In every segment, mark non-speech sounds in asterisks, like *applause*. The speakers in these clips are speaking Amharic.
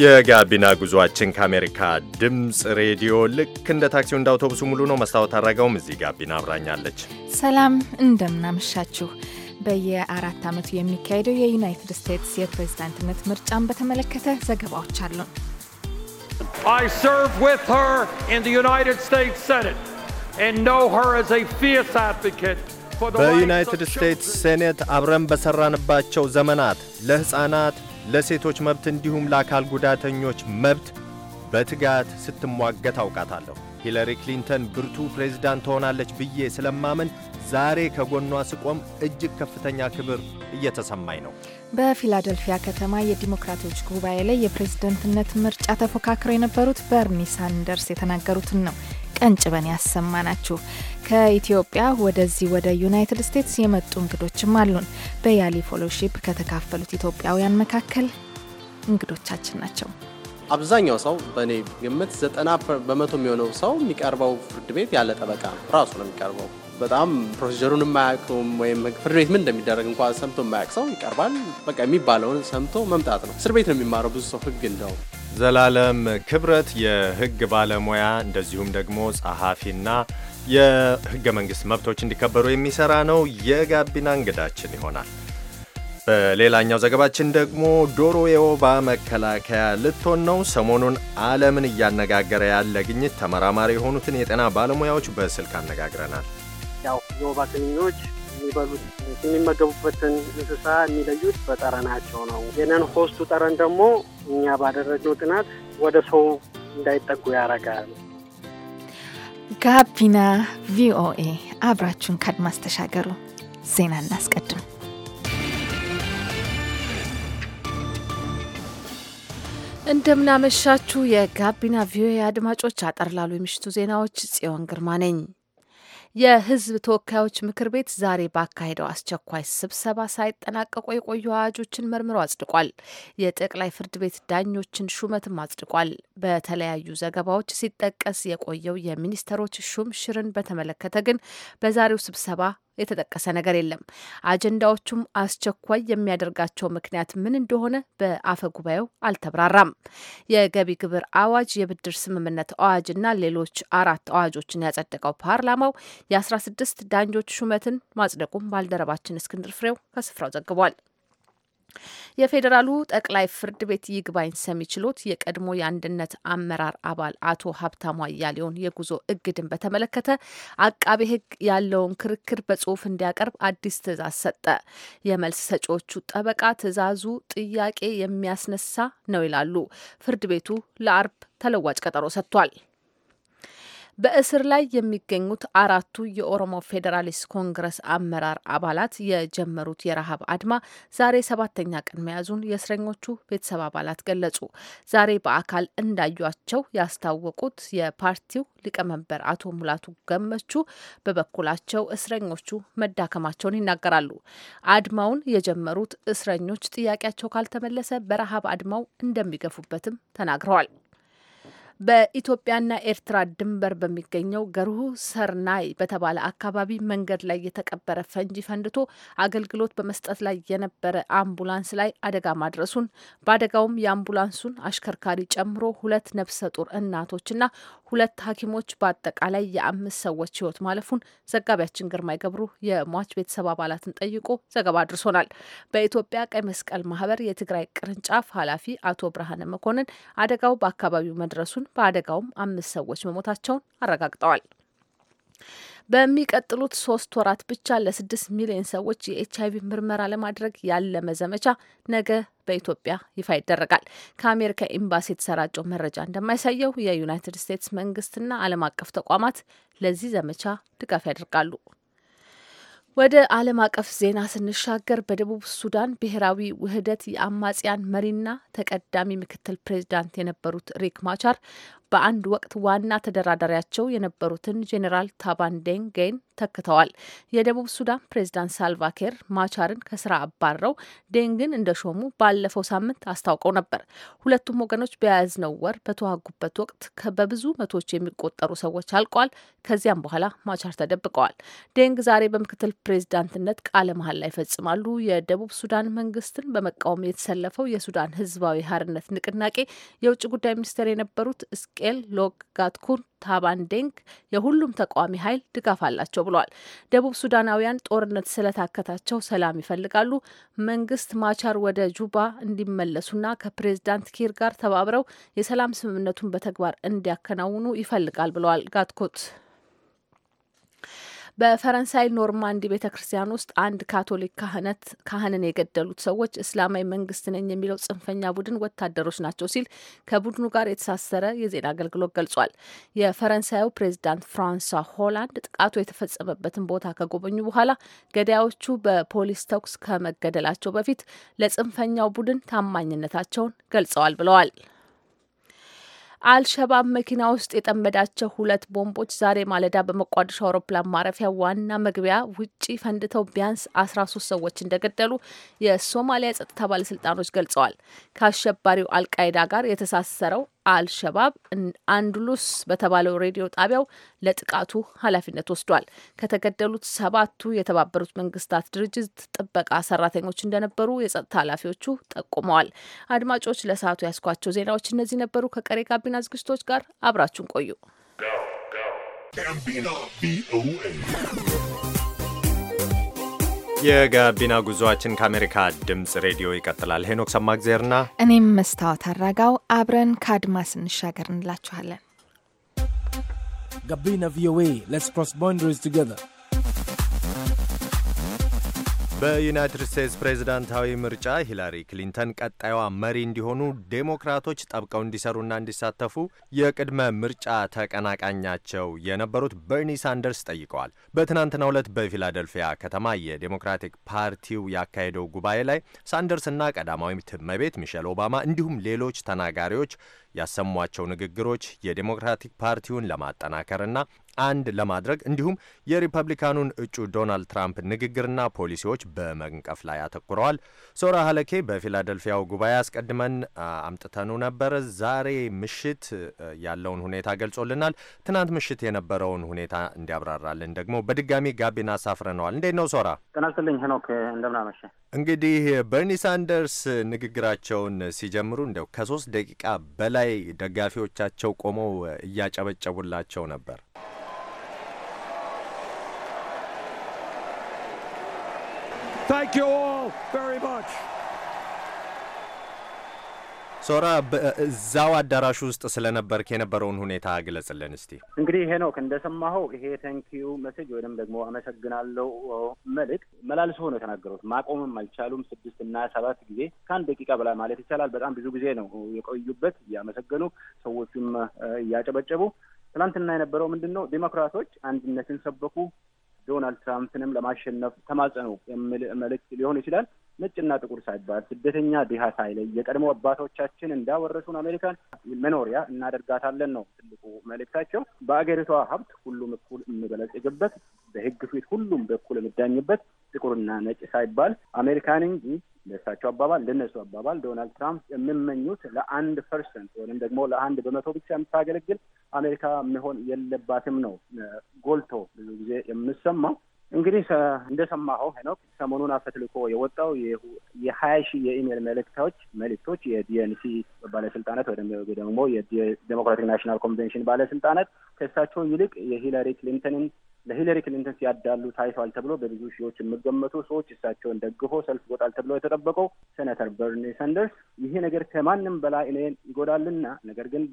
የጋቢና ጉዟችን ከአሜሪካ ድምፅ ሬዲዮ ልክ እንደ ታክሲው እንደ አውቶቡሱ ሙሉ ነው። መስታወት አድረገውም እዚህ ጋቢና አብራኛለች። ሰላም እንደምናመሻችሁ። በየአራት ዓመቱ የሚካሄደው የዩናይትድ ስቴትስ የፕሬዝዳንትነት ምርጫን በተመለከተ ዘገባዎች አሉን። በዩናይትድ ስቴትስ ሴኔት አብረን በሠራንባቸው ዘመናት ለሕፃናት ለሴቶች መብት እንዲሁም ለአካል ጉዳተኞች መብት በትጋት ስትሟገት አውቃታለሁ። ሂለሪ ክሊንተን ብርቱ ፕሬዝዳንት ትሆናለች ብዬ ስለማመን ዛሬ ከጎኗ ስቆም እጅግ ከፍተኛ ክብር እየተሰማኝ ነው። በፊላደልፊያ ከተማ የዲሞክራቶች ጉባኤ ላይ የፕሬዝደንትነት ምርጫ ተፎካክረው የነበሩት በርኒ ሳንደርስ የተናገሩትን ነው ቀንጭበን ያሰማናችሁ። ከኢትዮጵያ ወደዚህ ወደ ዩናይትድ ስቴትስ የመጡ እንግዶችም አሉን። በያሊ ፎሎሺፕ ከተካፈሉት ኢትዮጵያውያን መካከል እንግዶቻችን ናቸው። አብዛኛው ሰው በእኔ ግምት ዘጠና በመቶ የሚሆነው ሰው የሚቀርበው ፍርድ ቤት ያለ ጠበቃ ነው። ራሱ ነው የሚቀርበው። በጣም ፕሮሲጀሩን የማያውቀውም ወይም ፍርድ ቤት ምን እንደሚደረግ እንኳ ሰምቶ የማያውቅ ሰው ይቀርባል። በቃ የሚባለውን ሰምቶ መምጣት ነው። እስር ቤት ነው የሚማረው ብዙ ሰው ህግ እንደው ዘላለም ክብረት የህግ ባለሙያ እንደዚሁም ደግሞ ጸሐፊና የህገ መንግሥት መብቶች እንዲከበሩ የሚሰራ ነው የጋቢና እንግዳችን ይሆናል። በሌላኛው ዘገባችን ደግሞ ዶሮ የወባ መከላከያ ልትሆን ነው። ሰሞኑን ዓለምን እያነጋገረ ያለ ግኝት ተመራማሪ የሆኑትን የጤና ባለሙያዎች በስልክ አነጋግረናል። ያው የወባ ትንኞች የሚበሉት የሚመገቡበትን እንስሳ የሚለዩት በጠረናቸው ነው። የነን ሆስቱ ጠረን ደግሞ እኛ ባደረግነው ጥናት ወደ ሰው እንዳይጠጉ ያደርጋል። ጋቢና ቪኦኤ አብራችሁን ከአድማስ ተሻገሩ። ዜና እናስቀድም። እንደምናመሻችሁ የጋቢና ቪኦኤ አድማጮች፣ አጠር ላሉ የምሽቱ ዜናዎች ጽዮን ግርማ ነኝ። የህዝብ ተወካዮች ምክር ቤት ዛሬ ባካሄደው አስቸኳይ ስብሰባ ሳይጠናቀቁ የቆዩ አዋጆችን መርምሮ አጽድቋል። የጠቅላይ ፍርድ ቤት ዳኞችን ሹመትም አጽድቋል። በተለያዩ ዘገባዎች ሲጠቀስ የቆየው የሚኒስትሮች ሹም ሽርን በተመለከተ ግን በዛሬው ስብሰባ የተጠቀሰ ነገር የለም። አጀንዳዎቹም አስቸኳይ የሚያደርጋቸው ምክንያት ምን እንደሆነ በአፈ ጉባኤው አልተብራራም። የገቢ ግብር አዋጅ፣ የብድር ስምምነት አዋጅና ሌሎች አራት አዋጆችን ያጸደቀው ፓርላማው የ16 ዳኞች ሹመትን ማጽደቁም ባልደረባችን እስክንድር ፍሬው ከስፍራው ዘግቧል። የፌዴራሉ ጠቅላይ ፍርድ ቤት ይግባኝ ሰሚ ችሎት የቀድሞ የአንድነት አመራር አባል አቶ ሀብታሙ አያሌውን የጉዞ እግድን በተመለከተ አቃቤ ሕግ ያለውን ክርክር በጽሁፍ እንዲያቀርብ አዲስ ትዕዛዝ ሰጠ። የመልስ ሰጪዎቹ ጠበቃ ትዕዛዙ ጥያቄ የሚያስነሳ ነው ይላሉ። ፍርድ ቤቱ ለአርብ ተለዋጭ ቀጠሮ ሰጥቷል። በእስር ላይ የሚገኙት አራቱ የኦሮሞ ፌዴራሊስት ኮንግረስ አመራር አባላት የጀመሩት የረሃብ አድማ ዛሬ ሰባተኛ ቀን መያዙን የእስረኞቹ ቤተሰብ አባላት ገለጹ። ዛሬ በአካል እንዳዩቸው ያስታወቁት የፓርቲው ሊቀመንበር አቶ ሙላቱ ገመቹ በበኩላቸው እስረኞቹ መዳከማቸውን ይናገራሉ። አድማውን የጀመሩት እስረኞች ጥያቄያቸው ካልተመለሰ በረሃብ አድማው እንደሚገፉበትም ተናግረዋል። በኢትዮጵያና ኤርትራ ድንበር በሚገኘው ገርሁ ሰርናይ በተባለ አካባቢ መንገድ ላይ የተቀበረ ፈንጂ ፈንድቶ አገልግሎት በመስጠት ላይ የነበረ አምቡላንስ ላይ አደጋ ማድረሱን በአደጋውም የአምቡላንሱን አሽከርካሪ ጨምሮ ሁለት ነፍሰ ጡር እናቶችና ሁለት ሐኪሞች በአጠቃላይ የአምስት ሰዎች ህይወት ማለፉን ዘጋቢያችን ግርማይ ገብሩ የሟች ቤተሰብ አባላትን ጠይቆ ዘገባ አድርሶናል። በኢትዮጵያ ቀይ መስቀል ማህበር የትግራይ ቅርንጫፍ ኃላፊ አቶ ብርሃነ መኮንን አደጋው በአካባቢው መድረሱን ሲሆን በአደጋውም አምስት ሰዎች መሞታቸውን አረጋግጠዋል። በሚቀጥሉት ሶስት ወራት ብቻ ለስድስት ሚሊዮን ሰዎች የኤች አይቪ ምርመራ ለማድረግ ያለመ ዘመቻ ነገ በኢትዮጵያ ይፋ ይደረጋል። ከአሜሪካ ኤምባሲ የተሰራጨው መረጃ እንደማያሳየው የዩናይትድ ስቴትስ መንግስትና ዓለም አቀፍ ተቋማት ለዚህ ዘመቻ ድጋፍ ያደርጋሉ። ወደ ዓለም አቀፍ ዜና ስንሻገር በደቡብ ሱዳን ብሔራዊ ውህደት የአማጽያን መሪና ተቀዳሚ ምክትል ፕሬዚዳንት የነበሩት ሪክ ማቻር በአንድ ወቅት ዋና ተደራዳሪያቸው የነበሩትን ጄኔራል ታባን ዴንጌን ተክተዋል። የደቡብ ሱዳን ፕሬዝዳንት ሳልቫኪር ማቻርን ከስራ አባረው ዴንግን እንደሾሙ ባለፈው ሳምንት አስታውቀው ነበር። ሁለቱም ወገኖች በያዝነው ወር በተዋጉበት ወቅት በብዙ መቶዎች የሚቆጠሩ ሰዎች አልቀዋል። ከዚያም በኋላ ማቻር ተደብቀዋል። ዴንግ ዛሬ በምክትል ፕሬዝዳንትነት ቃለ ላይ ይፈጽማሉ። የደቡብ ሱዳን መንግስትን በመቃወም የተሰለፈው የሱዳን ህዝባዊ ሀርነት ንቅናቄ የውጭ ጉዳይ ሚኒስቴር የነበሩት ቄል ሎግ ጋትኩር ዴንግ የሁሉም ተቃዋሚ ኃይል ድጋፍ አላቸው ብለዋል። ደቡብ ሱዳናውያን ጦርነት ስለታከታቸው ሰላም ይፈልጋሉ። መንግስት ማቻር ወደ ጁባ እንዲመለሱና ከፕሬዝዳንት ኪር ጋር ተባብረው የሰላም ስምምነቱን በተግባር እንዲያከናውኑ ይፈልጋል ብለዋል ጋትኩት በፈረንሳይ ኖርማንዲ ቤተ ክርስቲያን ውስጥ አንድ ካቶሊክ ካህነት ካህንን የገደሉት ሰዎች እስላማዊ መንግስት ነኝ የሚለው ጽንፈኛ ቡድን ወታደሮች ናቸው ሲል ከቡድኑ ጋር የተሳሰረ የዜና አገልግሎት ገልጿል። የፈረንሳዩ ፕሬዚዳንት ፍራንሷ ሆላንድ ጥቃቱ የተፈጸመበትን ቦታ ከጎበኙ በኋላ ገዳዮቹ በፖሊስ ተኩስ ከመገደላቸው በፊት ለጽንፈኛው ቡድን ታማኝነታቸውን ገልጸዋል ብለዋል። አልሸባብ መኪና ውስጥ የጠመዳቸው ሁለት ቦምቦች ዛሬ ማለዳ በሞቃዲሾ አውሮፕላን ማረፊያ ዋና መግቢያ ውጪ ፈንድተው ቢያንስ አስራ ሶስት ሰዎች እንደገደሉ የሶማሊያ የጸጥታ ባለስልጣኖች ገልጸዋል። ከአሸባሪው አልቃይዳ ጋር የተሳሰረው አልሸባብ አንድሉስ በተባለው ሬዲዮ ጣቢያው ለጥቃቱ ኃላፊነት ወስዷል። ከተገደሉት ሰባቱ የተባበሩት መንግስታት ድርጅት ጥበቃ ሰራተኞች እንደነበሩ የጸጥታ ኃላፊዎቹ ጠቁመዋል። አድማጮች ለሰዓቱ ያስኳቸው ዜናዎች እነዚህ ነበሩ። ከቀሬ ጋቢና ዝግጅቶች ጋር አብራችሁን ቆዩ። የጋቢና ጉዞአችን ከአሜሪካ ድምፅ ሬዲዮ ይቀጥላል። ሄኖክ ሰማግዜርና እኔም መስታወት አራጋው አብረን ከአድማስ እንሻገር እንላችኋለን። ጋቢና ቪኦኤ ሌትስ ክሮስ ቦንደሪስ ቱጌዘር በዩናይትድ ስቴትስ ፕሬዝዳንታዊ ምርጫ ሂላሪ ክሊንተን ቀጣዩዋ መሪ እንዲሆኑ ዴሞክራቶች ጠብቀው እንዲሰሩና እንዲሳተፉ የቅድመ ምርጫ ተቀናቃኛቸው የነበሩት በርኒ ሳንደርስ ጠይቀዋል። በትናንትናው ዕለት በፊላደልፊያ ከተማ የዴሞክራቲክ ፓርቲው ያካሄደው ጉባኤ ላይ ሳንደርስና ቀዳማዊ እመቤት ሚሼል ኦባማ እንዲሁም ሌሎች ተናጋሪዎች ያሰሟቸው ንግግሮች የዴሞክራቲክ ፓርቲውን ለማጠናከርና አንድ ለማድረግ እንዲሁም የሪፐብሊካኑን እጩ ዶናልድ ትራምፕ ንግግርና ፖሊሲዎች በመንቀፍ ላይ አተኩረዋል። ሶራ ሀለኬ በፊላደልፊያው ጉባኤ አስቀድመን አምጥተኑ ነበረ። ዛሬ ምሽት ያለውን ሁኔታ ገልጾልናል። ትናንት ምሽት የነበረውን ሁኔታ እንዲያብራራልን ደግሞ በድጋሚ ጋቢና አሳፍረነዋል። እንዴት ነው ሶራ? ጤና ይስጥልኝ ሄኖክ፣ እንደምናመሸ እንግዲህ በርኒ ሳንደርስ ንግግራቸውን ሲጀምሩ እንደው ከሶስት ደቂቃ በላይ ደጋፊዎቻቸው ቆመው እያጨበጨቡላቸው ነበር። ሶራ በዛው አዳራሽ ውስጥ ስለነበርክ የነበረውን ሁኔታ ግለጽልን እስቲ። እንግዲህ ሄኖክ እንደሰማኸው ይሄ ቴንኪዩ መሴጅ ወይም ደግሞ አመሰግናለሁ መልእክት መላልሶ ነው የተናገሩት። ማቆምም አልቻሉም። ስድስት እና ሰባት ጊዜ ከአንድ ደቂቃ በላይ ማለት ይቻላል። በጣም ብዙ ጊዜ ነው የቆዩበት እያመሰገኑ፣ ሰዎቹም እያጨበጨቡ። ትናንትና የነበረው ምንድን ነው? ዴሞክራቶች አንድነትን ሰበኩ፣ ዶናልድ ትራምፕንም ለማሸነፍ ተማጸኑ የሚል መልእክት ሊሆን ይችላል። ነጭና ጥቁር ሳይባል ስደተኛ ድሃ ሳይለይ የቀድሞ አባቶቻችን እንዳወረሱን አሜሪካን መኖሪያ እናደርጋታለን ነው ትልቁ መልእክታቸው። በአገሪቷ ሀብት ሁሉም እኩል የሚበለጽግበት፣ በህግ ፊት ሁሉም በኩል የሚዳኝበት ጥቁርና ነጭ ሳይባል አሜሪካን እንጂ ለእሳቸው አባባል ለነሱ አባባል ዶናልድ ትራምፕ የምመኙት ለአንድ ፐርሰንት ወይም ደግሞ ለአንድ በመቶ ብቻ የምታገለግል አሜሪካ መሆን የለባትም ነው ጎልቶ ብዙ ጊዜ የምሰማው። እንግዲህ እንደሰማኸው ሄኖክ ሰሞኑን አፈትልኮ የወጣው የሀያ ሺህ የኢሜል መልእክታዎች መልእክቶች የዲኤንሲ ባለስልጣናት ወይ ደግሞ የዴሞክራቲክ ናሽናል ኮንቬንሽን ባለስልጣናት ከእሳቸው ይልቅ የሂላሪ ክሊንተንን ለሂለሪ ክሊንተን ሲያዳሉ ታይቷል ተብሎ በብዙ ሺዎች የሚገመቱ ሰዎች እሳቸውን ደግፎ ሰልፍ ይወጣል ተብሎ የተጠበቀው ሰነተር በርኒ ሳንደርስ ይሄ ነገር ከማንም በላይ እኔን ይጎዳልና ነገር ግን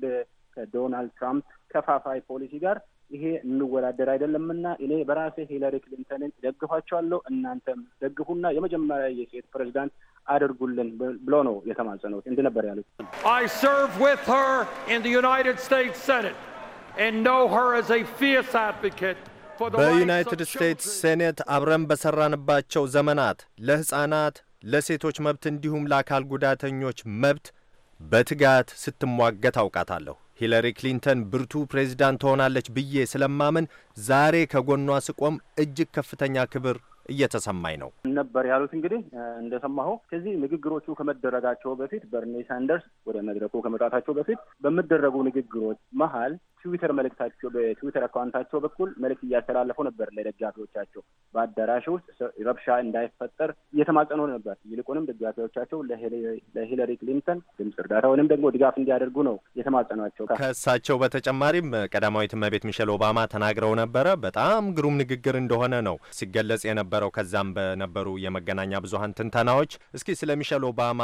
ከዶናልድ ትራምፕ ከፋፋይ ፖሊሲ ጋር ይሄ እንወዳደር አይደለምና እኔ በራሴ ሂለሪ ክሊንተንን ደግፋቸዋለሁ፣ እናንተም ደግፉና የመጀመሪያ የሴት ፕሬዚዳንት አድርጉልን ብሎ ነው የተማጸነው። እንዲህ ነበር ያሉት። I serve with her በዩናይትድ ስቴትስ ሴኔት አብረን በሰራንባቸው ዘመናት ለሕፃናት፣ ለሴቶች መብት እንዲሁም ለአካል ጉዳተኞች መብት በትጋት ስትሟገት አውቃታለሁ። ሂለሪ ክሊንተን ብርቱ ፕሬዚዳንት ትሆናለች ብዬ ስለማምን ዛሬ ከጎኗ ስቆም እጅግ ከፍተኛ ክብር እየተሰማኝ ነው ነበር ያሉት። እንግዲህ እንደሰማሁ ከዚህ ንግግሮቹ ከመደረጋቸው በፊት በርኒ ሳንደርስ ወደ መድረኩ ከመጣታቸው በፊት በሚደረጉ ንግግሮች መሀል በትዊተር መልእክታቸው በትዊተር አካውንታቸው በኩል መልእክት እያስተላለፉ ነበር። ለደጋፊዎቻቸው በአዳራሽ ውስጥ ረብሻ እንዳይፈጠር እየተማጸኑ ነበር። ይልቁንም ደጋፊዎቻቸው ለሂለሪ ክሊንተን ድምፅ እርዳታ ወይም ደግሞ ድጋፍ እንዲያደርጉ ነው የተማጸኗቸው። ከእሳቸው በተጨማሪም ቀዳማዊት እመቤት ሚሼል ኦባማ ተናግረው ነበረ። በጣም ግሩም ንግግር እንደሆነ ነው ሲገለጽ የነበረው። ከዛም በነበሩ የመገናኛ ብዙሀን ትንተናዎች እስኪ ስለ ሚሼል ኦባማ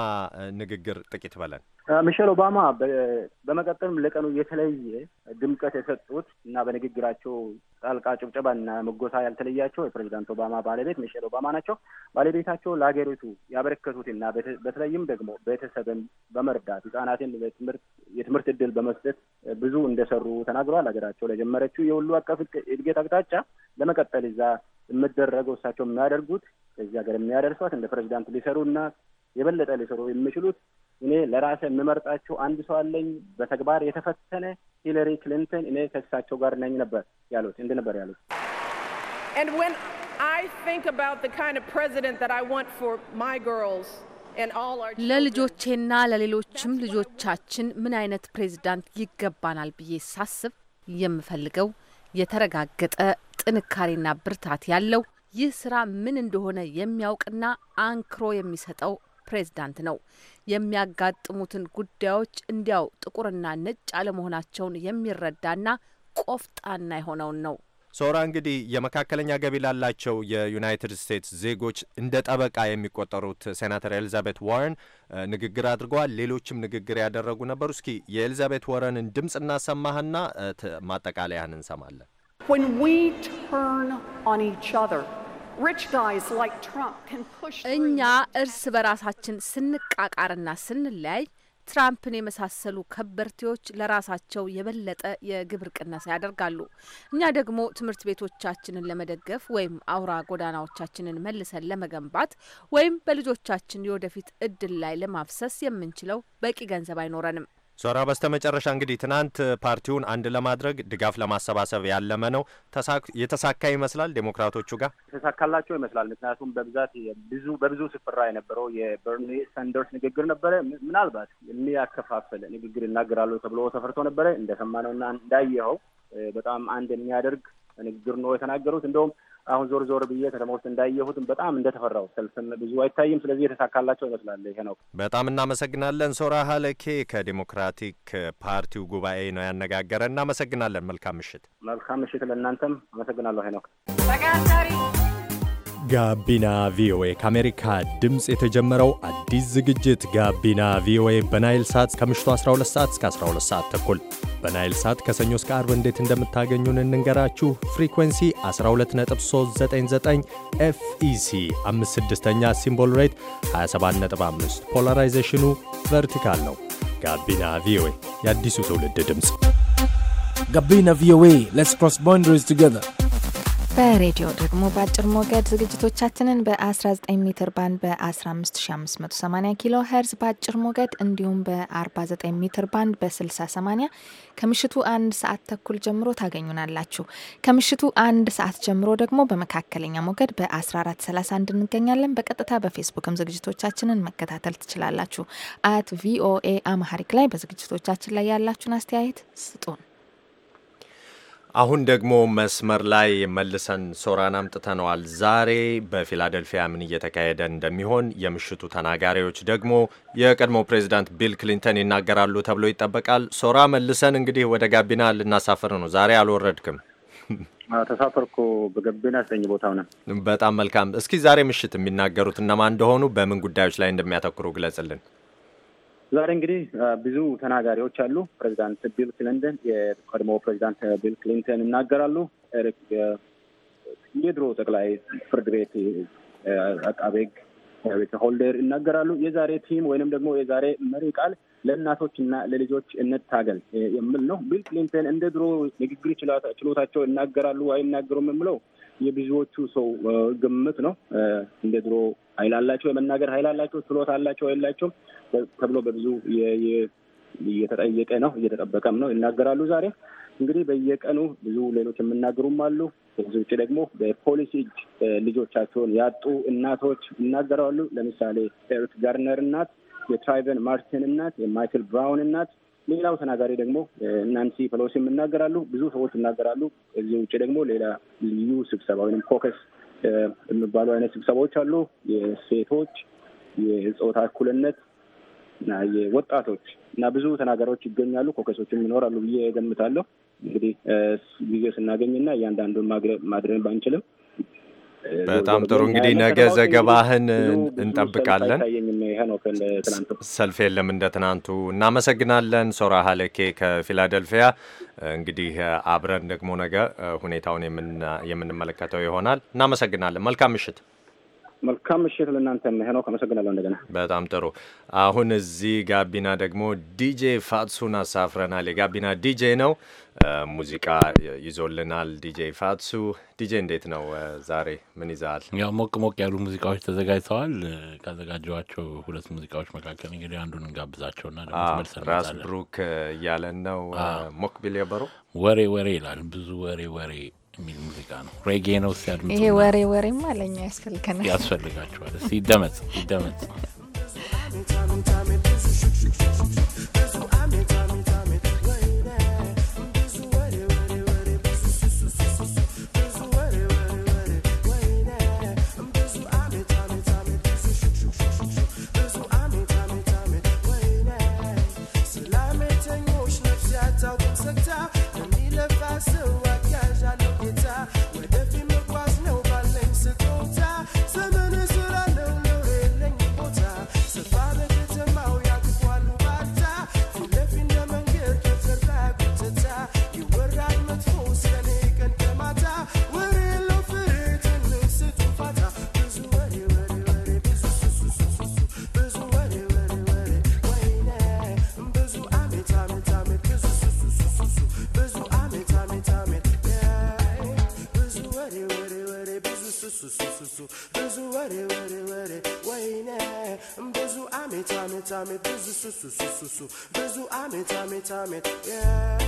ንግግር ጥቂት በለን። ሚሼል ኦባማ በመቀጠልም ለቀኑ የተለየ ድምቀት የሰጡት እና በንግግራቸው ጣልቃ ጭብጨባ እና መጎሳ ያልተለያቸው የፕሬዚዳንት ኦባማ ባለቤት ሚሼል ኦባማ ናቸው። ባለቤታቸው ለሀገሪቱ ያበረከቱት እና በተለይም ደግሞ ቤተሰብን በመርዳት ህጻናትን የትምህርት እድል በመስጠት ብዙ እንደሰሩ ተናግረዋል። ሀገራቸው ለጀመረችው የሁሉ አቀፍ እድገት አቅጣጫ ለመቀጠል እዛ የምደረገው እሳቸው የሚያደርጉት እዚህ ሀገር የሚያደርሷት እንደ ፕሬዚዳንት ሊሰሩ እና የበለጠ ሊሰሩ የሚችሉት እኔ ለራሴ የምመርጣቸው አንድ ሰው አለኝ፣ በተግባር የተፈተነ ሂለሪ ክሊንተን፣ እኔ ከእሳቸው ጋር ነኝ ነበር ያሉት እንድ ነበር ያሉት። ለልጆቼና ለሌሎችም ልጆቻችን ምን አይነት ፕሬዚዳንት ይገባናል ብዬ ሳስብ የምፈልገው የተረጋገጠ ጥንካሬና ብርታት ያለው ይህ ስራ ምን እንደሆነ የሚያውቅና አንክሮ የሚሰጠው ፕሬዝዳንት ነው። የሚያጋጥሙትን ጉዳዮች እንዲያው ጥቁርና ነጭ አለመሆናቸውን የሚረዳና ቆፍጣና የሆነውን ነው። ሶራ እንግዲህ የመካከለኛ ገቢ ላላቸው የዩናይትድ ስቴትስ ዜጎች እንደ ጠበቃ የሚቆጠሩት ሴናተር ኤሊዛቤት ዋረን ንግግር አድርገዋል። ሌሎችም ንግግር ያደረጉ ነበሩ። እስኪ የኤሊዛቤት ዋረንን ድምፅ እናሰማህና ማጠቃለያን እንሰማለን። When we turn on each other, እኛ እርስ በራሳችን ስንቃቃርና ስንለያይ ትራምፕን የመሳሰሉ ከበርቴዎች ለራሳቸው የበለጠ የግብር ቅነሳ ያደርጋሉ። እኛ ደግሞ ትምህርት ቤቶቻችንን ለመደገፍ ወይም አውራ ጎዳናዎቻችንን መልሰን ለመገንባት ወይም በልጆቻችን የወደፊት እድል ላይ ለማፍሰስ የምንችለው በቂ ገንዘብ አይኖረንም። ዞራ በስተመጨረሻ እንግዲህ ትናንት ፓርቲውን አንድ ለማድረግ ድጋፍ ለማሰባሰብ ያለመ ነው። የተሳካ ይመስላል። ዴሞክራቶቹ ጋር የተሳካላቸው ይመስላል። ምክንያቱም በብዛት ብዙ በብዙ ስፍራ የነበረው የበርኒ ሳንደርስ ንግግር ነበረ። ምናልባት የሚያከፋፍል ንግግር ይናገራሉ ተብሎ ተፈርቶ ነበረ። እንደሰማነውና እንዳየኸው በጣም አንድ የሚያደርግ ንግግር ነው የተናገሩት እንደውም አሁን ዞር ዞር ብዬ ከተማ ውስጥ እንዳየሁትም በጣም እንደተፈራው ሰልፍም ብዙ አይታይም። ስለዚህ የተሳካላቸው ይመስላል። ይሄ ነው። በጣም እናመሰግናለን። ሶራ ሀለኬ ከዴሞክራቲክ ፓርቲው ጉባኤ ነው ያነጋገረ። እናመሰግናለን። መልካም ምሽት። መልካም ምሽት ለእናንተም። አመሰግናለሁ ሄኖክ። ጋቢና ቪኦኤ ከአሜሪካ ድምፅ የተጀመረው አዲስ ዝግጅት ጋቢና ቪኦኤ በናይል ሳት ከምሽቱ 12 ሰዓት እስከ 12 ሰዓት ተኩል በናይል ሳት ከሰኞ እስከ አርብ እንዴት እንደምታገኙን እንንገራችሁ። ፍሪኩንሲ 12399 ኤፍኢሲ 56ኛ ሲምቦል ሬት 275 ፖላራይዜሽኑ ቨርቲካል ነው። ጋቢና ቪኦኤ የአዲሱ ትውልድ ድምፅ። ጋቢና ቪኦኤ ሌትስ ክሮስ ቦንደሪስ ቱጌዘር በሬዲዮ ደግሞ በአጭር ሞገድ ዝግጅቶቻችንን በ19 ሜትር ባንድ በ15580 ኪሎ ሄርዝ በአጭር ሞገድ እንዲሁም በ49 ሜትር ባንድ በ6080 ከምሽቱ አንድ ሰዓት ተኩል ጀምሮ ታገኙናላችሁ። ከምሽቱ አንድ ሰዓት ጀምሮ ደግሞ በመካከለኛ ሞገድ በ1431 እንገኛለን። በቀጥታ በፌስቡክም ዝግጅቶቻችንን መከታተል ትችላላችሁ። አት ቪኦኤ አማሐሪክ ላይ በዝግጅቶቻችን ላይ ያላችሁን አስተያየት ስጡን። አሁን ደግሞ መስመር ላይ መልሰን ሶራን አምጥተነዋል። ዛሬ በፊላደልፊያ ምን እየተካሄደ እንደሚሆን የምሽቱ ተናጋሪዎች ደግሞ የቀድሞ ፕሬዚዳንት ቢል ክሊንተን ይናገራሉ ተብሎ ይጠበቃል። ሶራ መልሰን እንግዲህ ወደ ጋቢና ልናሳፍር ነው። ዛሬ አልወረድክም። *laughs* ተሳፈርኩ በገቢና ያሰኝ ቦታ ነ በጣም መልካም። እስኪ ዛሬ ምሽት የሚናገሩት እነማን እንደሆኑ በምን ጉዳዮች ላይ እንደሚያተኩሩ ግለጽልን። ዛሬ እንግዲህ ብዙ ተናጋሪዎች አሉ። ፕሬዚዳንት ቢል ክሊንተን የቀድሞ ፕሬዚዳንት ቢል ክሊንተን ይናገራሉ። የድሮ ጠቅላይ ፍርድ ቤት አቃቤ ሕግ ቤተ ሆልደር ይናገራሉ። የዛሬ ቲም ወይንም ደግሞ የዛሬ መሪ ቃል ለእናቶች እና ለልጆች እንታገል የሚል ነው። ቢል ክሊንተን እንደ ድሮ ንግግር ችሎታቸው ይናገራሉ አይናገሩም የምለው የብዙዎቹ ሰው ግምት ነው። እንደ ድሮ ኃይል አላቸው የመናገር ኃይል አላቸው ችሎታ አላቸው የላቸውም ተብሎ በብዙ እየተጠየቀ ነው እየተጠበቀም ነው። ይናገራሉ ዛሬ እንግዲህ በየቀኑ ብዙ ሌሎች የሚናገሩም አሉ። ከዚህ ውጭ ደግሞ በፖሊሲ እጅ ልጆቻቸውን ያጡ እናቶች ይናገራሉ። ለምሳሌ ኤርት ጋርነር እናት፣ የትራይቨን ማርቲን እናት፣ የማይክል ብራውን እናት ሌላው ተናጋሪ ደግሞ ናንሲ ፐሎሲም እናገራሉ፣ ብዙ ሰዎች እናገራሉ። ከዚህ ውጭ ደግሞ ሌላ ልዩ ስብሰባ ወይም ኮከስ የሚባሉ አይነት ስብሰባዎች አሉ። የሴቶች የጾታ እኩልነት እና የወጣቶች እና ብዙ ተናጋሪዎች ይገኛሉ። ኮከሶችም ይኖራሉ ብዬ ገምታለሁ። እንግዲህ ጊዜ ስናገኝና እያንዳንዱን ማድረግ ባንችልም በጣም ጥሩ እንግዲህ ነገ ዘገባህን እንጠብቃለን። ሰልፍ የለም እንደ ትናንቱ። እናመሰግናለን። ሶራ ሀለኬ ከፊላደልፊያ። እንግዲህ አብረን ደግሞ ነገ ሁኔታውን የምንመለከተው ይሆናል። እናመሰግናለን። መልካም ምሽት። መልካም ምሽት ለእናንተ ሄኖክ። አመሰግናለሁ። እንደገና በጣም ጥሩ። አሁን እዚህ ጋቢና ደግሞ ዲጄ ፋትሱን አሳፍረናል። የጋቢና ዲጄ ነው፣ ሙዚቃ ይዞልናል። ዲጄ ፋትሱ፣ ዲጄ እንዴት ነው ዛሬ? ምን ይዛል? ያው ሞቅ ሞቅ ያሉ ሙዚቃዎች ተዘጋጅተዋል። ካዘጋጀዋቸው ሁለት ሙዚቃዎች መካከል እንግዲህ አንዱን እንጋብዛቸውና ራስ ብሩክ እያለን ነው ሞክ ቢል የበሩ ወሬ ወሬ ይላል ብዙ ወሬ ወሬ የሚል ሙዚቃ ነው። ሬጌ ነው ሲያድምጡ ይሄ ወሬ ወሬም አለኛ ያስፈልገናል፣ ያስፈልጋችኋል። እስኪ ይደመጥ ይደመጥ። susu. Bezu amit, amit, amit, yeah.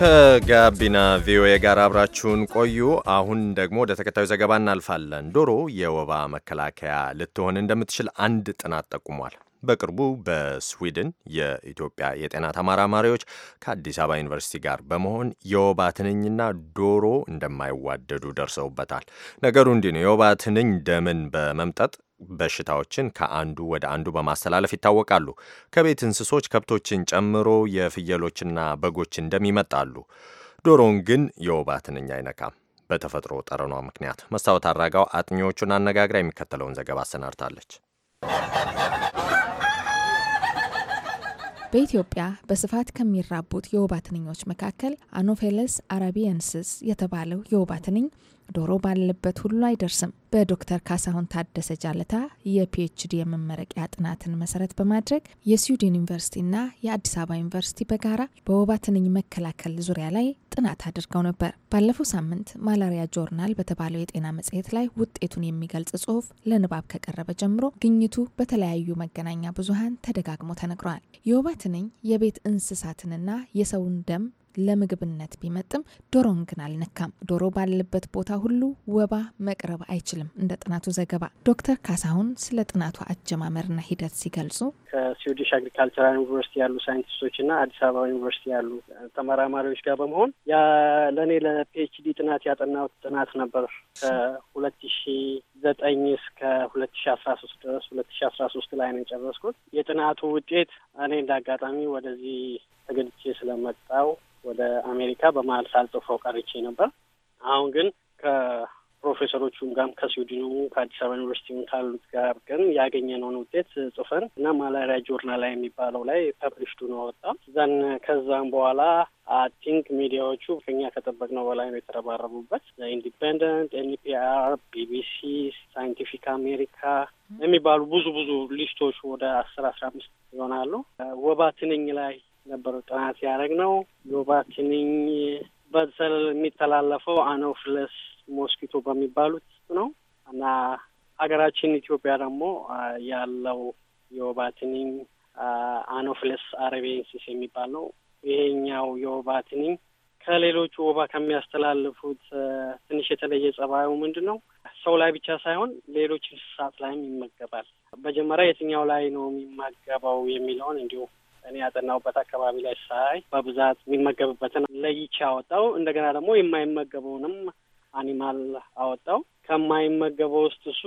ከጋቢና ቪኦኤ ጋር አብራችሁን ቆዩ። አሁን ደግሞ ወደ ተከታዩ ዘገባ እናልፋለን። ዶሮ የወባ መከላከያ ልትሆን እንደምትችል አንድ ጥናት ጠቁሟል። በቅርቡ በስዊድን የኢትዮጵያ የጤና ተመራማሪዎች ከአዲስ አበባ ዩኒቨርሲቲ ጋር በመሆን የወባ ትንኝና ዶሮ እንደማይዋደዱ ደርሰውበታል። ነገሩ እንዲህ ነው። የወባ ትንኝ ደምን በመምጠጥ በሽታዎችን ከአንዱ ወደ አንዱ በማስተላለፍ ይታወቃሉ። ከቤት እንስሶች ከብቶችን ጨምሮ የፍየሎችና በጎች እንደሚመጣሉ፣ ዶሮን ግን የወባ ትንኝ አይነካም በተፈጥሮ ጠረኗ ምክንያት። መስታወት አራጋው አጥኚዎቹን አነጋግራ የሚከተለውን ዘገባ አሰናድታለች። በኢትዮጵያ በስፋት ከሚራቡት የወባ ትንኞች መካከል አኖፌለስ አራቢየንስስ የተባለው የወባ ትንኝ ዶሮ ባለበት ሁሉ አይደርስም። በዶክተር ካሳሁን ታደሰ ጃለታ የፒኤችዲ የመመረቂያ ጥናትን መሰረት በማድረግ የስዊድን ዩኒቨርሲቲና የአዲስ አበባ ዩኒቨርሲቲ በጋራ በወባ ትንኝ መከላከል ዙሪያ ላይ ጥናት አድርገው ነበር። ባለፈው ሳምንት ማላሪያ ጆርናል በተባለው የጤና መጽሔት ላይ ውጤቱን የሚገልጽ ጽሑፍ ለንባብ ከቀረበ ጀምሮ ግኝቱ በተለያዩ መገናኛ ብዙሃን ተደጋግሞ ተነግሯል። የወባ ትንኝ የቤት እንስሳትንና የሰውን ደም ለምግብነት ቢመጥም ዶሮን ግን አልነካም። ዶሮ ባለበት ቦታ ሁሉ ወባ መቅረብ አይችልም። እንደ ጥናቱ ዘገባ ዶክተር ካሳሁን ስለ ጥናቱ አጀማመርና ሂደት ሲገልጹ ከስዊዲሽ አግሪካልቸራል ዩኒቨርሲቲ ያሉ ሳይንቲስቶችና አዲስ አበባ ዩኒቨርሲቲ ያሉ ተመራማሪዎች ጋር በመሆን ለእኔ ለፒኤችዲ ጥናት ያጠናሁት ጥናት ነበር ከሁለት ሺ ዘጠኝ እስከ ሁለት ሺ አስራ ሶስት ድረስ ሁለት ሺ አስራ ሶስት ላይ ነው የጨረስኩት። የጥናቱ ውጤት እኔ እንደ አጋጣሚ ወደዚህ ተገድቼ ስለመጣው ወደ አሜሪካ በመሀል ሳልጽፈው ቀርቼ ነበር። አሁን ግን ከፕሮፌሰሮቹም ጋር ከስዊድኑም ከአዲስ አበባ ዩኒቨርሲቲም ካሉት ጋር ግን ያገኘነውን ውጤት ጽፈን እና ማላሪያ ጆርናል የሚባለው ላይ ፐብሊሽዱ ነው ወጣም ዘን ከዛም በኋላ አቲንክ ሚዲያዎቹ ከኛ ከጠበቅነው በላይ ነው የተረባረቡበት። ኢንዲፔንደንት፣ ኤንፒአር፣ ቢቢሲ፣ ሳይንቲፊክ አሜሪካ የሚባሉ ብዙ ብዙ ሊስቶች ወደ አስር አስራ አምስት ይሆናሉ። ወባ ትንኝ ላይ ነበረው ጥናት ያደረግ ነው። ዶባ በሰል የሚተላለፈው አኖፍለስ ሞስኪቶ በሚባሉት ነው እና ሀገራችን ኢትዮጵያ ደግሞ ያለው የወባ አኖፍለስ አረቤንሲስ የሚባል ነው። ይሄኛው የወባ ከሌሎቹ ወባ ከሚያስተላልፉት ትንሽ የተለየ ጸባዩ ምንድን ነው? ሰው ላይ ብቻ ሳይሆን ሌሎች እንስሳት ላይም ይመገባል። መጀመሪያ የትኛው ላይ ነው የሚመገበው የሚለውን እንዲሁ እኔ ያጠናውበት አካባቢ ላይ ሳይ በብዛት የሚመገብበትን ለይቼ አወጣው። እንደገና ደግሞ የማይመገበውንም አኒማል አወጣው። ከማይመገበው ውስጥ እሱ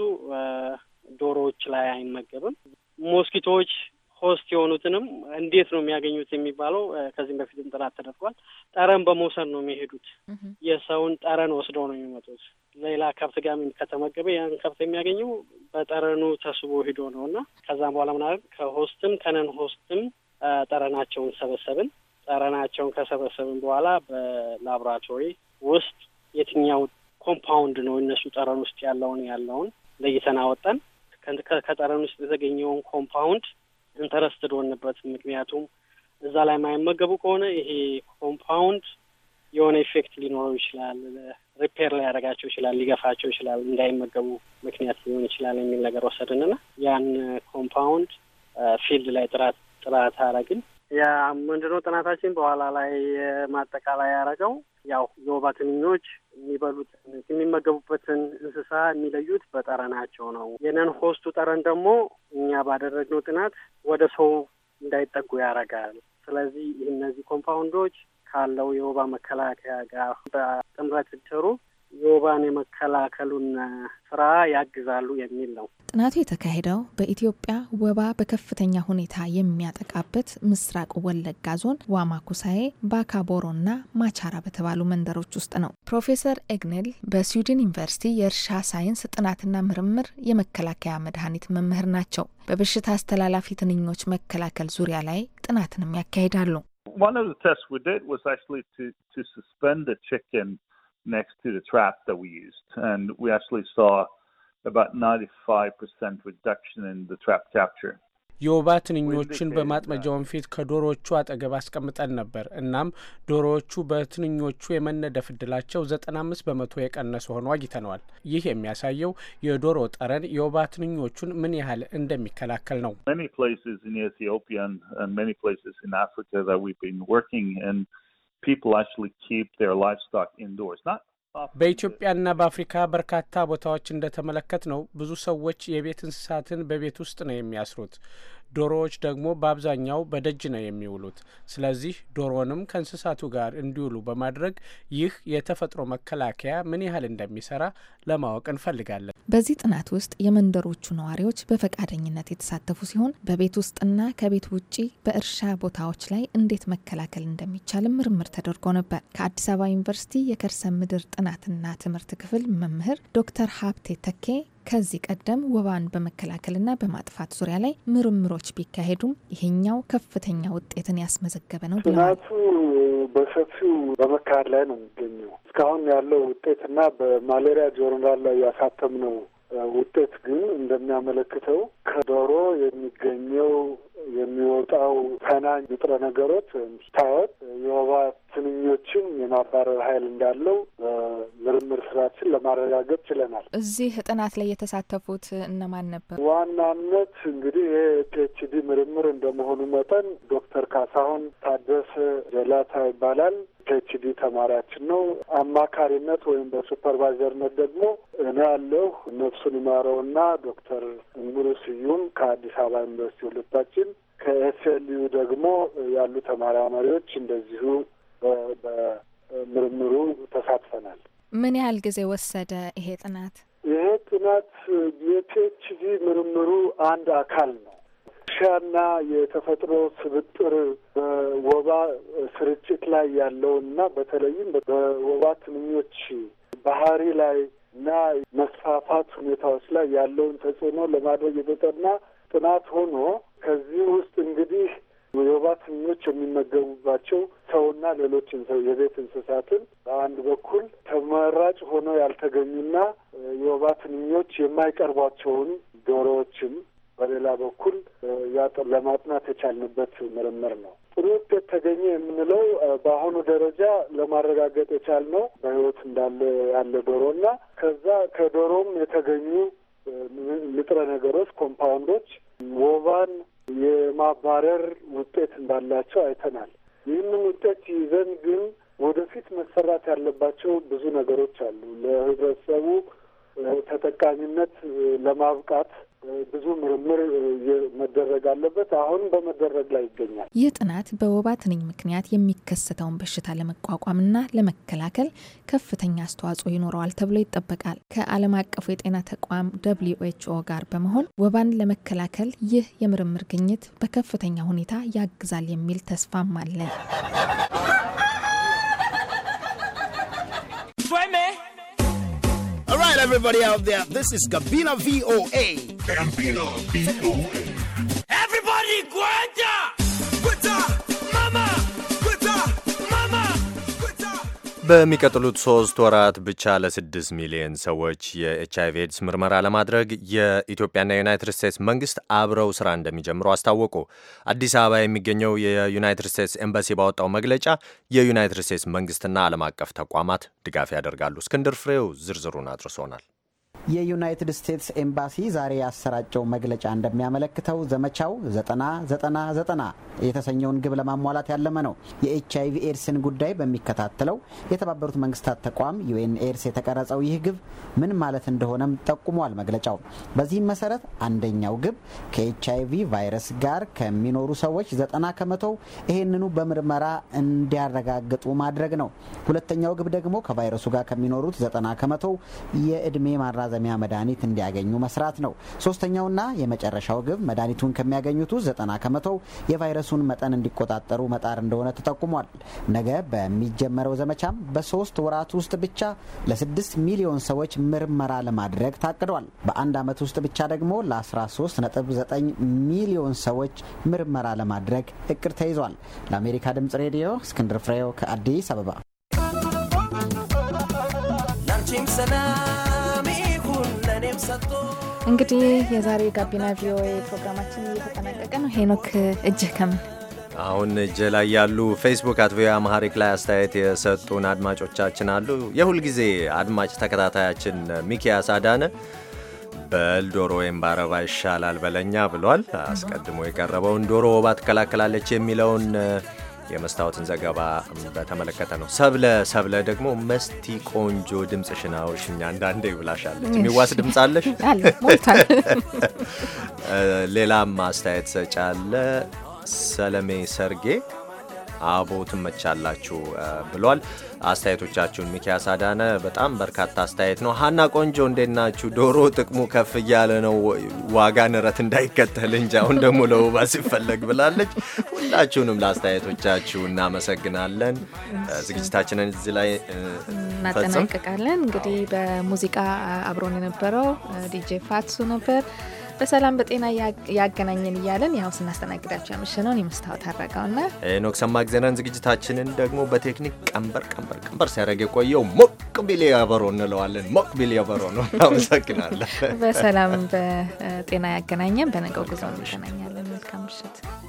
ዶሮዎች ላይ አይመገብም። ሞስኪቶዎች ሆስት የሆኑትንም እንዴት ነው የሚያገኙት የሚባለው ከዚህም በፊትም ጥናት ተደርጓል። ጠረን በመውሰድ ነው የሚሄዱት። የሰውን ጠረን ወስደው ነው የሚመጡት። ሌላ ከብት ጋር ከተመገበ ያን ከብት የሚያገኘው በጠረኑ ተስቦ ሂዶ ነው እና ከዛም በኋላ ምናምን ከሆስትም ከነን ሆስትም ጠረናቸውን ሰበሰብን። ጠረናቸውን ከሰበሰብን በኋላ በላብራቶሪ ውስጥ የትኛው ኮምፓውንድ ነው እነሱ ጠረን ውስጥ ያለውን ያለውን ለይተን አወጣን። ከጠረን ውስጥ የተገኘውን ኮምፓውንድ ኢንተረስትድ ሆንበት። ምክንያቱም እዛ ላይ የማይመገቡ ከሆነ ይሄ ኮምፓውንድ የሆነ ኢፌክት ሊኖረው ይችላል፣ ሪፔር ሊያደርጋቸው ይችላል፣ ሊገፋቸው ይችላል፣ እንዳይመገቡ ምክንያት ሊሆን ይችላል የሚል ነገር ወሰድንና ያን ኮምፓውንድ ፊልድ ላይ ጥራት ጥናት አረግን። ያ ምንድነው ጥናታችን በኋላ ላይ ማጠቃላይ ያረገው ያው የወባ ትንኞች የሚበሉት የሚመገቡበትን እንስሳ የሚለዩት በጠረናቸው ነው። የነን ሆስቱ ጠረን ደግሞ እኛ ባደረግነው ጥናት ወደ ሰው እንዳይጠጉ ያረጋል። ስለዚህ እነዚህ ኮምፓውንዶች ካለው የወባ መከላከያ ጋር በጥምረት ሲሰሩ የወባን የመከላከሉን ስራ ያግዛሉ የሚል ነው። ጥናቱ የተካሄደው በኢትዮጵያ ወባ በከፍተኛ ሁኔታ የሚያጠቃበት ምስራቅ ወለጋ ዞን ዋማኩሳዬ፣ ባካቦሮ እና ማቻራ በተባሉ መንደሮች ውስጥ ነው። ፕሮፌሰር ኤግኔል በስዊድን ዩኒቨርሲቲ የእርሻ ሳይንስ ጥናትና ምርምር የመከላከያ መድኃኒት መምህር ናቸው። በበሽታ አስተላላፊ ትንኞች መከላከል ዙሪያ ላይ ጥናትንም ያካሂዳሉ። next to the trap that we used. And we actually saw about 95% reduction in the trap capture. የወባ ትንኞችን በማጥመጃውን ፊት ከዶሮዎቹ አጠገብ አስቀምጠን ነበር። እናም ዶሮዎቹ በትንኞቹ የመነደፍ እድላቸው ዘጠና አምስት በመቶ የቀነሰ ሆኖ አግኝተነዋል። ይህ የሚያሳየው የዶሮ ጠረን የወባ ትንኞቹን ምን ያህል እንደሚከላከል ነው። በኢትዮጵያና በአፍሪካ በርካታ ቦታዎች እንደተመለከት ነው ብዙ ሰዎች የቤት እንስሳትን በቤት ውስጥ ነው የሚያስሩት። ዶሮዎች ደግሞ በአብዛኛው በደጅ ነው የሚውሉት። ስለዚህ ዶሮንም ከእንስሳቱ ጋር እንዲውሉ በማድረግ ይህ የተፈጥሮ መከላከያ ምን ያህል እንደሚሰራ ለማወቅ እንፈልጋለን። በዚህ ጥናት ውስጥ የመንደሮቹ ነዋሪዎች በፈቃደኝነት የተሳተፉ ሲሆን በቤት ውስጥና ከቤት ውጪ በእርሻ ቦታዎች ላይ እንዴት መከላከል እንደሚቻልም ምርምር ተደርጎ ነበር። ከአዲስ አበባ ዩኒቨርሲቲ የከርሰ ምድር ጥናትና ትምህርት ክፍል መምህር ዶክተር ሀብቴ ተኬ ከዚህ ቀደም ወባን በመከላከልና በማጥፋት ዙሪያ ላይ ምርምሮች ቢካሄዱም ይሄኛው ከፍተኛ ውጤትን ያስመዘገበ ነው ብለዋል። በሰፊው በመካሄድ ላይ ነው የሚገኘው። እስካሁን ያለው ውጤትና በማሌሪያ ጆርናል ላይ ያሳተምነው ውጤት ግን እንደሚያመለክተው ከዶሮ የሚገኘው የሚወጣው ፈናኝ ንጥረ ነገሮች ስታወት የወባ ትንኞችን የማባረር ኃይል እንዳለው በምርምር ስራችን ለማረጋገጥ ችለናል። እዚህ ጥናት ላይ የተሳተፉት እነማን ነበር? ዋናነት እንግዲህ ይሄ ፒኤችዲ ምርምር እንደመሆኑ መጠን ዶክተር ካሳሁን ታደሰ ጀላታ ይባላል። ፒኤችዲ ተማሪያችን ነው። አማካሪነት ወይም በሱፐርቫይዘርነት ደግሞ እኔ ያለሁ ነፍሱን ይማረውና ዶክተር ሙሉ ስዩም ከአዲስ አበባ ዩኒቨርሲቲ ሁለታችን ከኤስኤልዩ ደግሞ ያሉ ተመራማሪዎች እንደዚሁ በምርምሩ ተሳትፈናል። ምን ያህል ጊዜ ወሰደ ይሄ ጥናት? ይሄ ጥናት የፒኤችዲ ምርምሩ አንድ አካል ነው። ሻና የተፈጥሮ ስብጥር በወባ ስርጭት ላይ ያለው እና በተለይም በወባ ትንኞች ባህሪ ላይ እና መስፋፋት ሁኔታዎች ላይ ያለውን ተጽዕኖ ለማድረግ የተጠና ጥናት ሆኖ ከዚህ ውስጥ እንግዲህ የወባ ትኞች የሚመገቡባቸው ሰውና ሌሎች የቤት እንስሳትን በአንድ በኩል ተመራጭ ሆነው ያልተገኙና የወባ ትንኞች የማይቀርቧቸውን ዶሮዎችም በሌላ በኩል ለማጥናት የቻልንበት ምርምር ነው። ጥሩ ውጤት ተገኘ የምንለው በአሁኑ ደረጃ ለማረጋገጥ የቻልነው በሕይወት እንዳለ ያለ እና ከዛ ከዶሮም የተገኙ ንጥረ ነገሮች ኮምፓውንዶች ወባን የማባረር ውጤት እንዳላቸው አይተናል። ይህንን ውጤት ይዘን ግን ወደፊት መሰራት ያለባቸው ብዙ ነገሮች አሉ። ለህብረተሰቡ ተጠቃሚነት ለማብቃት ብዙ ምርምር መደረግ አለበት። አሁን በመደረግ ላይ ይገኛል። ይህ ጥናት በወባ ትንኝ ምክንያት የሚከሰተውን በሽታ ለመቋቋምና ለመከላከል ከፍተኛ አስተዋጽኦ ይኖረዋል ተብሎ ይጠበቃል። ከዓለም አቀፉ የጤና ተቋም ደብሊዩ ኤችኦ ጋር በመሆን ወባን ለመከላከል ይህ የምርምር ግኝት በከፍተኛ ሁኔታ ያግዛል የሚል ተስፋም አለ። right, everybody out there, this is Gabina VOA. Gabina VOA. በሚቀጥሉት ሶስት ወራት ብቻ ለስድስት ሚሊዮን ሰዎች የኤች አይቪ ኤድስ ምርመራ ለማድረግ የኢትዮጵያና የዩናይትድ ስቴትስ መንግስት አብረው ስራ እንደሚጀምሩ አስታወቁ። አዲስ አበባ የሚገኘው የዩናይትድ ስቴትስ ኤምባሲ ባወጣው መግለጫ የዩናይትድ ስቴትስ መንግስትና ዓለም አቀፍ ተቋማት ድጋፍ ያደርጋሉ። እስክንድር ፍሬው ዝርዝሩን አድርሶናል። የዩናይትድ ስቴትስ ኤምባሲ ዛሬ ያሰራጨው መግለጫ እንደሚያመለክተው ዘመቻው ዘጠና ዘጠና ዘጠና የተሰኘውን ግብ ለማሟላት ያለመ ነው። የኤች አይቪ ኤድስን ጉዳይ በሚከታተለው የተባበሩት መንግስታት ተቋም ዩኤን ኤድስ የተቀረጸው ይህ ግብ ምን ማለት እንደሆነም ጠቁሟል መግለጫው። በዚህም መሰረት አንደኛው ግብ ከኤች አይቪ ቫይረስ ጋር ከሚኖሩ ሰዎች ዘጠና ከመቶው ይህንኑ በምርመራ እንዲያረጋግጡ ማድረግ ነው። ሁለተኛው ግብ ደግሞ ከቫይረሱ ጋር ከሚኖሩት ዘጠና ከመቶ የእድሜ ማራዘ የማጣጣሚያ መድኃኒት እንዲያገኙ መስራት ነው። ሶስተኛውና የመጨረሻው ግብ መድኃኒቱን ከሚያገኙት ውስጥ ዘጠና ከመቶው የቫይረሱን መጠን እንዲቆጣጠሩ መጣር እንደሆነ ተጠቁሟል። ነገ በሚጀመረው ዘመቻም በሶስት ወራት ውስጥ ብቻ ለስድስት ሚሊዮን ሰዎች ምርመራ ለማድረግ ታቅዷል። በአንድ ዓመት ውስጥ ብቻ ደግሞ ለ13.9 ሚሊዮን ሰዎች ምርመራ ለማድረግ እቅድ ተይዟል። ለአሜሪካ ድምጽ ሬዲዮ እስክንድር ፍሬው ከአዲስ አበባ። እንግዲህ የዛሬ ጋቢና ቪኦኤ ፕሮግራማችን እየተጠናቀቀ ነው። ሄኖክ እጅህ ከምን አሁን እጅ ላይ ያሉ ፌስቡክ አት ቪኦኤ አማሃሪክ ላይ አስተያየት የሰጡን አድማጮቻችን አሉ። የሁልጊዜ አድማጭ ተከታታያችን ሚኪያስ አዳነ በል ዶሮ ወይም በአረባ ይሻላል በለኛ ብሏል። አስቀድሞ የቀረበውን ዶሮ ወባ ትከላከላለች የሚለውን የመስታወትን ዘገባ በተመለከተ ነው። ሰብለ ሰብለ ደግሞ መስቲ ቆንጆ ድምጽ ሽናዎች እኛ አንዳንዴ ይብላሻለች የሚዋስ ድምጽ አለሽ። *laughs* ሌላም አስተያየት ሰጫለ ሰለሜ ሰርጌ አቦ ትመቻላችሁ ብሏል። አስተያየቶቻችሁን ሚኪያስ አዳነ በጣም በርካታ አስተያየት ነው። ሀና ቆንጆ እንዴት ናችሁ? ዶሮ ጥቅሙ ከፍ እያለ ነው፣ ዋጋ ንረት እንዳይከተል እንጂ አሁን ደግሞ ለውባ ሲፈለግ ብላለች። ሁላችሁንም ለአስተያየቶቻችሁ እናመሰግናለን። ዝግጅታችንን እዚህ ላይ እናጠናቀቃለን። እንግዲህ በሙዚቃ አብሮን የነበረው ዲጄ ፋትሱ ነበር። በሰላም በጤና ያገናኘን እያለን ያው ስናስተናግዳቸው ያመሸነውን የመስታወት ና ኖክ ሰማግዘናን ዝግጅታችንን ደግሞ በቴክኒክ ቀንበር ቀንበር ቀንበር ሲያደረግ የቆየው ሞቅ ቢል ያበሮ እንለዋለን። ሞቅ ቢል ያበሮ ነው። እናመሰግናለን። *laughs* በሰላም በጤና ያገናኘን። በነገው ጉዞ እንገናኛለን። መልካም ምሽት።